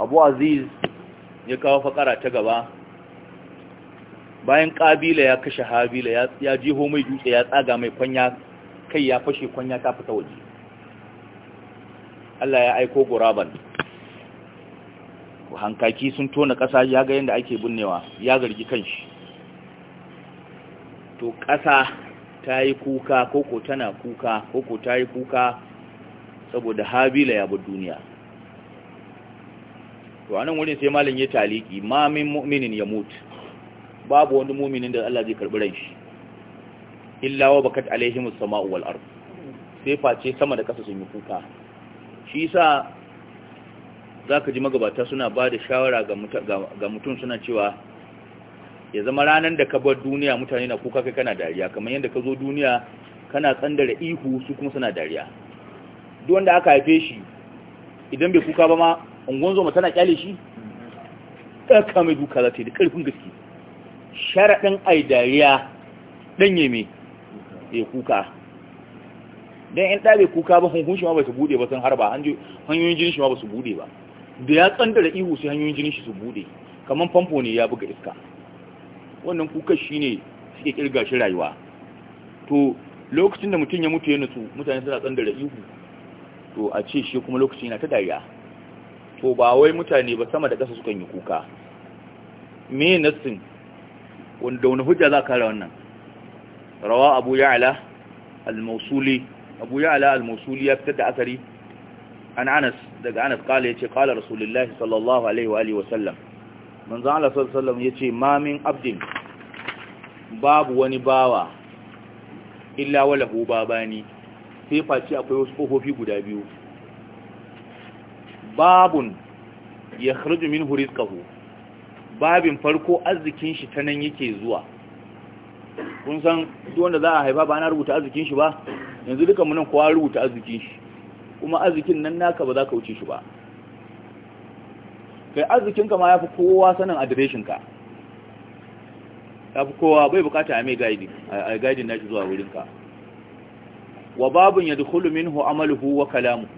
abu aziz ya kawo fakara ta gaba bayan ƙabila ya kashe habila ya jiho mai dutse ya tsaga mai kwanya kai ya fashe kwanya ta fita waje Allah ya aiko guraban hankaki sun tona ƙasa ya ga yadda ake binnewa ya zargi kanshi to ƙasa ta yi kuka koko tana kuka koko ta yi kuka saboda habila ya bi duniya to anan wurin sai malin ya taliki ma min mu'minin ya mutu babu wani mu'minin da Allah zai karbi ran shi illa wa bakat as sama'u wal ard sai face sama da kasa sun yi kuka shi yasa zaka ji magabata suna ba da shawara ga mutum suna cewa ya zama ranar da ka bar duniya mutane na kuka kai kana dariya kamar yadda ka zo duniya kana tsandara ihu su kuma suna dariya duk wanda aka haife shi idan bai kuka ba ma unguwan zoma tana kyale shi ɗaka mai duka za ta yi da ƙarfin gaske sharaɗin aidariya ɗanye mai ya kuka don yan ɗabe kuka ba hankun shi ma ba su buɗe ba sun harba hanyoyin jini shi ma ba su buɗe ba da ya tsanda da ihu sai hanyoyin jini shi su buɗe kamar famfo ne ya buga iska wannan kuka shi ne suke ƙirga shi rayuwa to lokacin da mutum ya mutu ya nutsu mutane suna tsanda da ihu to a ce shi kuma lokacin yana ta dariya to ba wai mutane ba sama da ƙasa sukan yi kuka me nassin wanda wani hujja za kare wannan rawa abu ya'ala al-mausuli abu ya'ala al-mausuli ya fitar da asari an anas daga anas kala ce kala rasulullahi sallallahu alaihi wa sallam manzo Allah sallallahu alaihi wa sallam ya ce mamin abdin babu wani bawa illa walahu babani sai face akwai wasu kofofi guda biyu babun ya kharju min rizqahu babin farko arzikin shi ta nan yake zuwa kun san duk wanda za a haifa ba na rubuta arzikin shi ba yanzu duka mun nan kowa rubuta arzikin shi kuma arzikin nan naka ba za ka wuce shi ba kai arzikin ka ma yafi kowa sanin adireshin ka yafi kowa bai bukata a mai gaidi a na shi zuwa wurin ka wa babun yadkhulu minhu amaluhu wa kalamuhu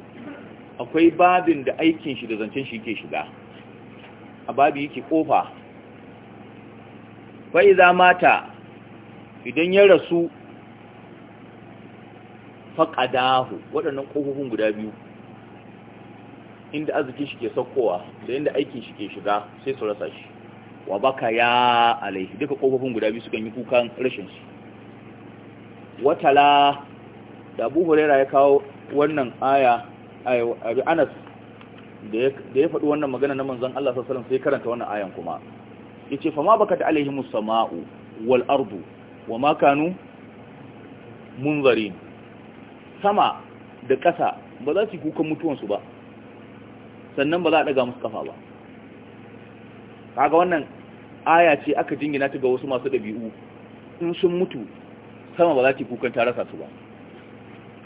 akwai babin da aikin shi da zancen shi ke shiga a babi yake kofa fa'iza mata idan ya rasu faƙadahu waɗannan ƙofofin guda biyu inda arzikin shi ke saukowa da inda aikin shi ke shiga sai su rasa shi wa baka ya alaihi duka ƙofofin guda biyu sukan yi kukan rashin shi watala da abu ya kawo wannan aya abi anas da ya faɗi wannan magana na manzon Allah sallallahu alaihi wasallam sai karanta wannan ayan kuma yace fa ma bakat alaihi samaa'u wal ardu wama kanu munzarin sama da ƙasa ba za su kukan mutuwansu ba sannan ba za a ɗaga musu kafa ba kaga wannan aya ce aka jingina ta ga wasu masu ɗabi'u in sun mutu sama ba za ta kukan ta rasa su ba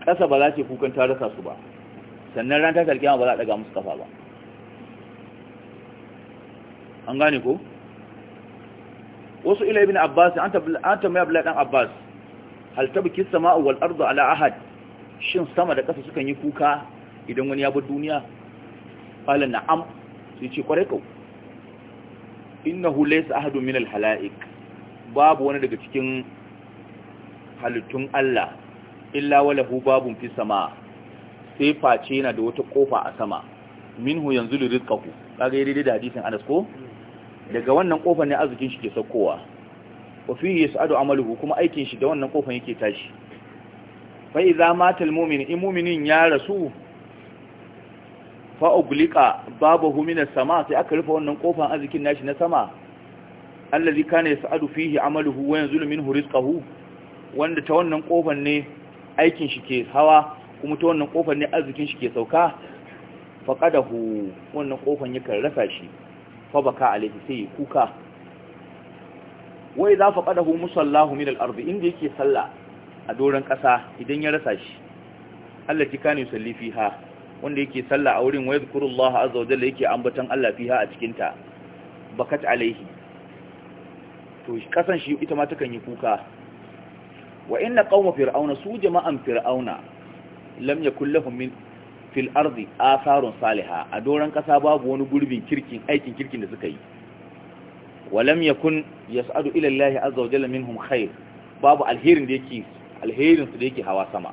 ƙasa ba za ta kukan ta rasa su ba sannan ran ta karkiyama ba za a daga musu kafa ba an gane ko wasu ila ibn abbas an tambaya abla dan abbas hal tabki sama'u wal ala ahad shin sama da kasa sukan yi kuka idan wani ya bar duniya qala na'am su ce kware kau innahu laysa ahadun min al babu wani daga cikin halittun Allah illa walahu babun fi sama sai face yana da wata kofa a sama minhu yanzu li rizqahu kaga yayi da hadisin Anas ko daga wannan kofar ne arzikin shi ke saukowa wa fihi yas'adu amaluhu kuma aikin shi da wannan kofar yake tashi fa idza matal mu'min in mu'minin ya rasu fa uglika babahu min as-sama sai aka rufe wannan kofar arzikin nashi na sama allazi kana yas'adu fihi amaluhu wa yanzulu minhu rizqahu wanda ta wannan kofar ne aikin shi ke hawa kuma ta wannan kofar ne arzikin shi ke sauka faqadahu wannan kofar yakan rasa shi fa baka alaihi sai kuka wa idza faqadahu musallahu min al-ard inda yake salla a doran kasa idan ya rasa shi Allah ji kanu salli fiha wanda yake salla a wurin wa yadhkurullaha azza wa jalla yake ambatan Allah fiha a cikin ta bakat alaihi to kasan shi ita ma takan yi kuka wa inna qauma fir'auna su jama'an fir'auna lam yakul lahum min fil ardi atharun salihah a doran kasa babu wani gurbin kirkin aikin kirkin da suka yi walam yakun yas'adu ila Allah azza wa jalla minhum khair babu alherin da yake alherin su da yake hawa sama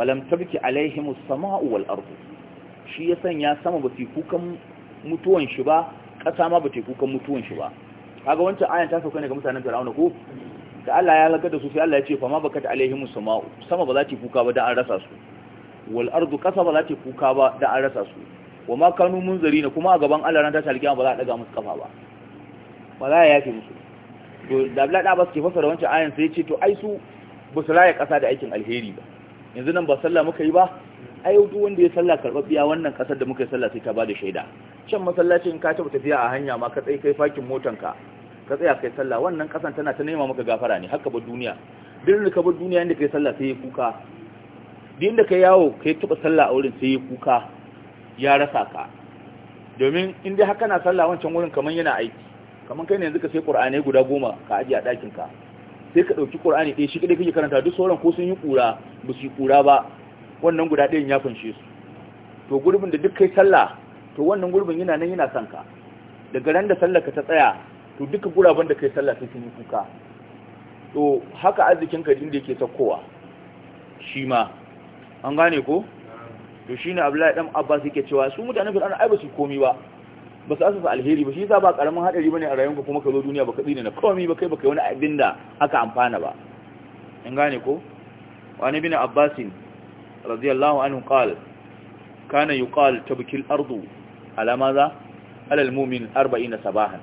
walam tabki alaihim as-sama'u wal ardu shi ya sanya sama ba kukan mutuwan shi ba kasa ma ba kukan mutuwan shi ba kaga wancan ayan ta sauka ne ga mutanen Fir'auna ko da Allah ya halaka da su sai Allah ya ce fa ma bakat alaihimu sama'u sama ba za ta kuka ba da an rasa su wal ardu kasa ba za ta kuka ba da an rasa su wa ma kanu na kuma a gaban Allah ran ta alkiyama ba za a daga musu kafa ba ba za ya yafe musu to da bla da su ke fasara wancan ayan sai ya ce to ai su ba su raye kasa da aikin alheri ba yanzu nan ba sallah muka yi ba ai duk wanda ya sallah biya wannan kasar da muka yi sallah sai ta bada shaida can masallacin ka taɓa tafiya a hanya ma ka tsaye kai fakin motanka ka tsaya kai sallah wannan kasan tana ta nema maka gafara ne haka ba duniya duk da ka bar duniya inda kai sallah sai ya kuka din da ka yawo kai tuba sallah a wurin sai ya kuka ya rasa ka domin in dai haka na sallah wancan wurin kaman yana aiki kaman kai ne yanzu ka sai qur'ani guda goma ka aje a dakin ka sai ka ɗauki ƙur'ani ɗaya shi kaɗai kake karanta duk sauran ko sun yi ƙura ba su yi ƙura ba wannan guda ɗayan ya fanshe su to gurbin da duk kai sallah to wannan gurbin yana nan yana sanka daga ran da sallar ka ta tsaya to duka guraben da kai sallah sai sun yi kuka to haka arzikin ka din da yake sakkowa shi ma an gane ko to shine Abdullahi dan Abbas yake cewa su mutanen Fir'auna ai ba su komi ba ba su asasa alheri ba shi yasa ba karamin hadari bane a ka kuma ka zo duniya baka tsine na komi ba kai baka wani abin da aka amfana ba an gane ko wa ibn Abbas radiyallahu anhu qala kana yuqal tabkil ardu ala maza ala almu'min 40 sabahan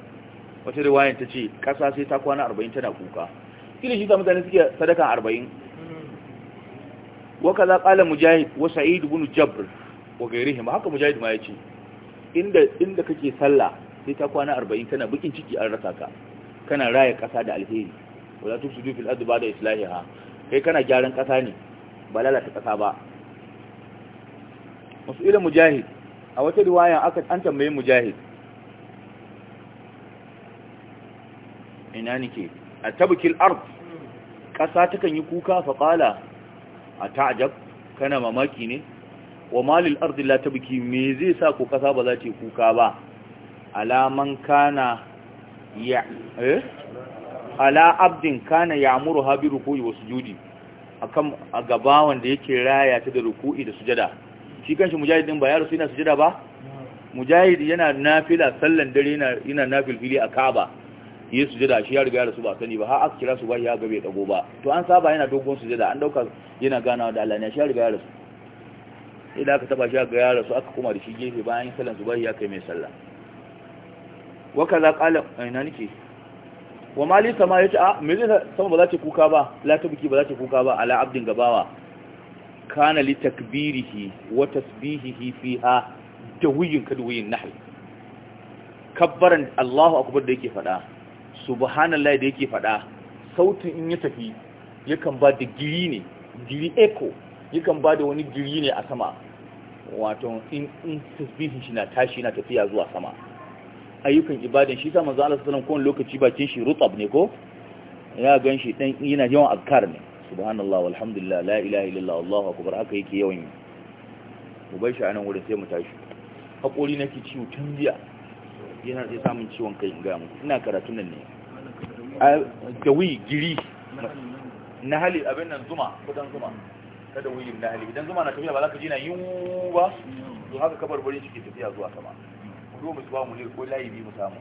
wata riwayan ta ce ƙasa sai ta kwana arba'in tana kuka kila shi ta mutane suke sadaka arba'in waka za kala mujahid wa sa'id ibn jabr wa gairihim haka mujahid ma ya ce inda kake sallah sai ta kwana arba'in tana bikin ciki an rasa ka kana raya ƙasa da alheri wala tufsidu fil da ba'da islahiha kai kana gyaran ƙasa ne ba lalata ƙasa ba musu ila mujahid a wata riwaya aka an tambaye mujahid ina nike a tabkil ard ƙasa takan yi kuka fa qala a ta'jab kana mamaki ne wa malil ardi la tabki me zai sa ku ƙasa ba za ta yi kuka ba alaman kana ya eh ala abdin kana ya'muru bi ruku'i wa sujudi akan a gaba wanda yake raya ta da ruku'i da sujada shi kanshi mujahidin ba ya rasu yana sujada ba mujahid yana nafila sallan dare yana yana nafil fili a Kaaba yi sujada shi ya riga ya rasu ba sani ba har aka kira su ba ya ga bai dago ba to an saba yana dogon sujada an dauka yana ganawa da Allah ne shi ya riga ya rasu idan aka taba shi ga ya rasu aka kuma da shi gefe bayan sallan subahi ya kai mai sallah wa kaza qala ina nake wa mali sama yace a ah, me zai sama ba za ta kuka ba la tabki ba za ta kuka ba ala abdin gabawa kana li takbirihi wa tasbihihi fiha tawiyin kadwiyin nahl kabbaran Allahu akbar da yake fada subhanallah da yake faɗa sautin in ya tafi yakan ba da giri ne giri echo yakan ba da wani giri ne a sama wato in in tasbihin shi na tashi na tafiya zuwa sama ayyukan ibadan shi sa manzo Allah sallallahu alaihi wasallam lokaci bakin shi rutab ne ko ya ganshi dan yana yawan azkar ne subhanallah walhamdulillah la ilaha illallah allahu akbar haka yake yawan yi mu bai shi anan wurin sai mu tashi hakori nake ciwo tun biya yana zai samun ciwon kai in gamu ina karatu nan ne gawi giri na hali abin nan zuma kudan zuma kada wuyi na hali idan zuma na tafiya ba za ka ji na yin ba su haka kabar barin shi tafiya zuwa sama kudu mu ba mu ne ko layi bi mu samu